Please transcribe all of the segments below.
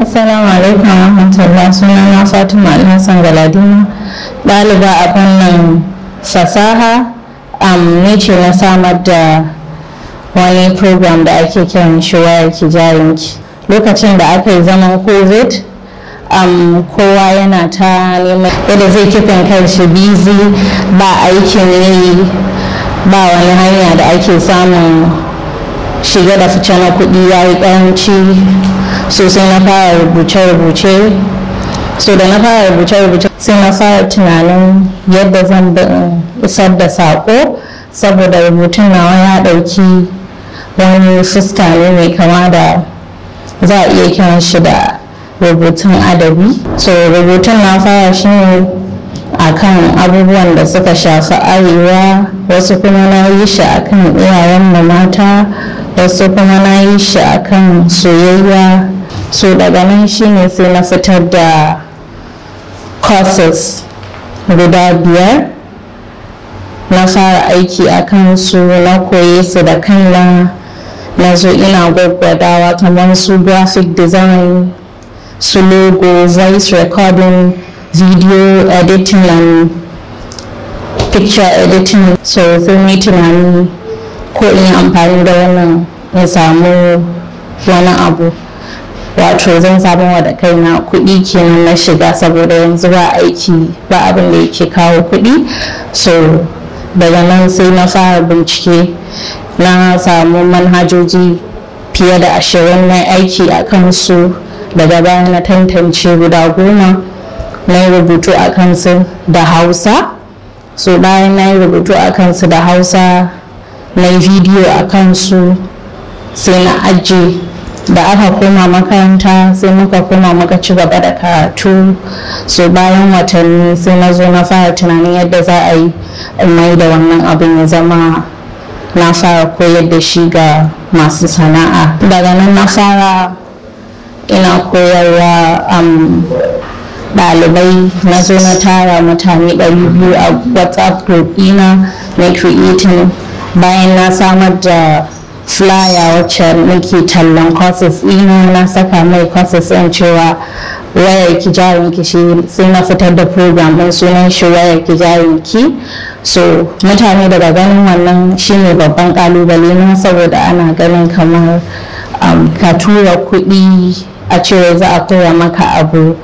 Assalamu alaikum na sunana Fatima Alhassan Galadima ɗaliba a fannin fasaha um, ne ce na samar da wani program da ake kiran shiwa ki jarinki lokacin da aka yi zaman covid um, kowa yana ta neman yadda zai kifin kanshi busy ba aikin yi ba wani hanya da ake samun shiga da fice na kuɗi ya yi ƙaranci so sai na fara rubuce-rubuce so da na fara rubuce-rubuce sai na fara tunanin yadda zan isar da saƙo saboda rubutun nawa ya ɗauki wani fuska ne mai kama da za a iya kiran shi da rubutun adabi so rubutun na fara shi ne akan abubuwan da suka shafi arewa wasu kuma na yi shi akan iyayen da mata wasu kuma na yi shi akan soyayya so daga nan shine sai na fitar da courses guda biyar na fara aiki a kansu na koye su da kaina na zo ina gwaggwadawa kamar su graphic design su logo voice recording video editing and picture editing so sun yi tunani ko in yi amfani da wannan ya samu wani abu wato zan sabon wa da kaina kuɗi kenan na shiga saboda yanzu ba aiki ba abin da yake kawo kuɗi so daga nan sai na fara bincike na samu manhajoji fiye da ashirin na aiki a kansu daga baya na tantance guda goma na yi rubutu a kansu da hausa so bayan na yi rubutu a kansu da hausa na yi bidiyo a kansu sai na ajiye da aka koma makaranta sai muka koma muka ci gaba da karatu so bayan watanni sai na zo na fara tunanin yadda za a yi mai da wannan abin ya zama na fara koyar da shi ga masu sana'a daga nan na fara ina koyarwa um, ɗalibai na zo na tara mutane 200 a whatsapp group ina na creating bayan na samar da flyer wacce nake tallan courses ina na saka mai courses ɗin cewa wayar ki jarin ki shi sai na fitar da program ɗin sunan shi waya ki jarin ki so mutane daga ganin wannan shine babban kalubale na saboda ana ganin kamar um, ka tura kuɗi a cewa za a koya maka abu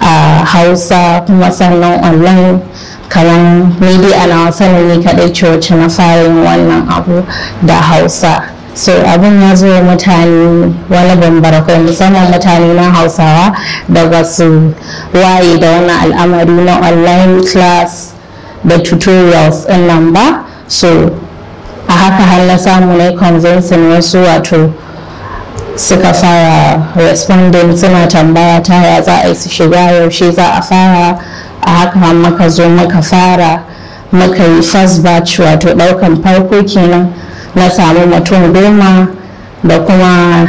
a hausa kuma sannan online kamar media ana sanin kaɗai ce na fara yin wannan abu da hausa so abin ya zo wa mutane wani bambara kai musamman mutane na hausawa da ba su waye da wani al'amari na online class da tutorials in nan ba so a haka har na samu na convincing wasu wato suka fara responding suna tambaya ta ya za a yi su shiga yaushe za a fara a haka maka zo muka fara maka yi first batch wato daukan farko kenan na samu mutum goma da kuma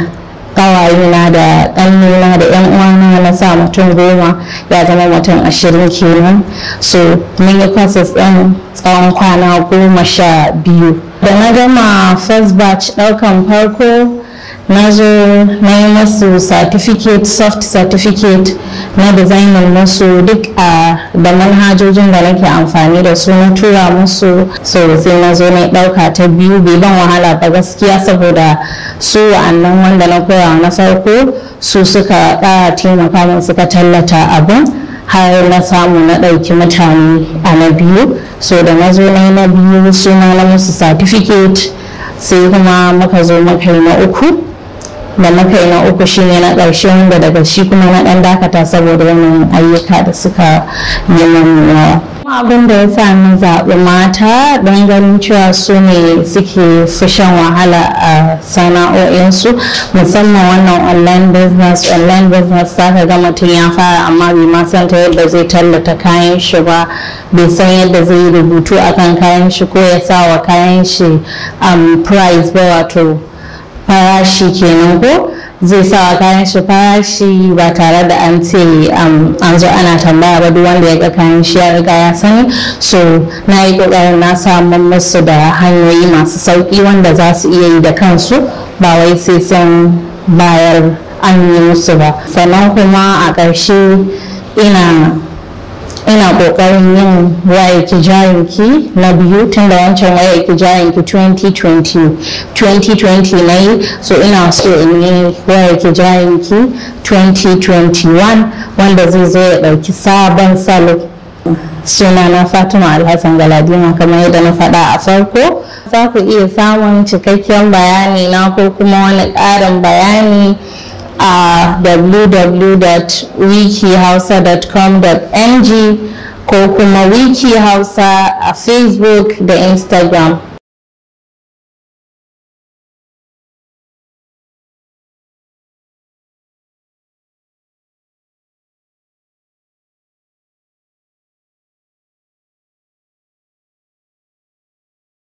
ƙawayena da ƙannena da yan uwana na sa mutum goma ya zama mutum ashirin kenan so mun yi kwasas ɗin tsawon kwana goma sha biyu da na gama first batch ɗaukan farko nazo zo na yi masu certificate soft certificate na designing masu duk a da manhajojin da nake amfani da su na tura musu so sai na zo na ɗauka ta biyu bai ban wahala ba gaskiya saboda su wa'annan wanda na koya na farko su suka ƙara taimaka min suka tallata abin har na samu na ɗauki mutane a na biyu so da na zo na na biyu suna na musu certificate sai kuma muka zo muka na uku da na kai na uku shine na ƙarshe wanda daga shi kuma na ɗan dakata saboda yanayin ayyuka da suka yi mamuwa abin da ya sa na zaɓi mata don ganin cewa su ne suke su shan wahala a sana'o'insu musamman wannan online business online business ka ga mutum ya fara amma bai ma san ta yadda zai tallata kayan shi ba bai san yadda zai rubutu akan kayan shi ko ya sa wa kayan shi um, price ba wato farashi kenan ko zai sa kayan shi farashi ba tare da an ce um, an zo ana tambaya ba duk wanda ya ga kayan shi ya riga ya sani so na yi kokarin na samun musu da hanyoyi masu sauki wanda za su iya yi da kansu ba wai sai sun bayar an yi musu ba sannan kuma a ƙarshe ina kokarin yin waya ki jayin ki na biyu tun da wancan waya ki jayin ki 2020 2020 na yi so ina so in yi waya ki jayin ki 2021 wanda zai zo ya dauki sabon salo suna na fatima alhassan galadima kamar yadda na faɗa a farko za ku iya samun cikakken bayani na ko kuma wani ƙarin bayani www.wikihausa.com.ng ko wiki hausa facebook the instagram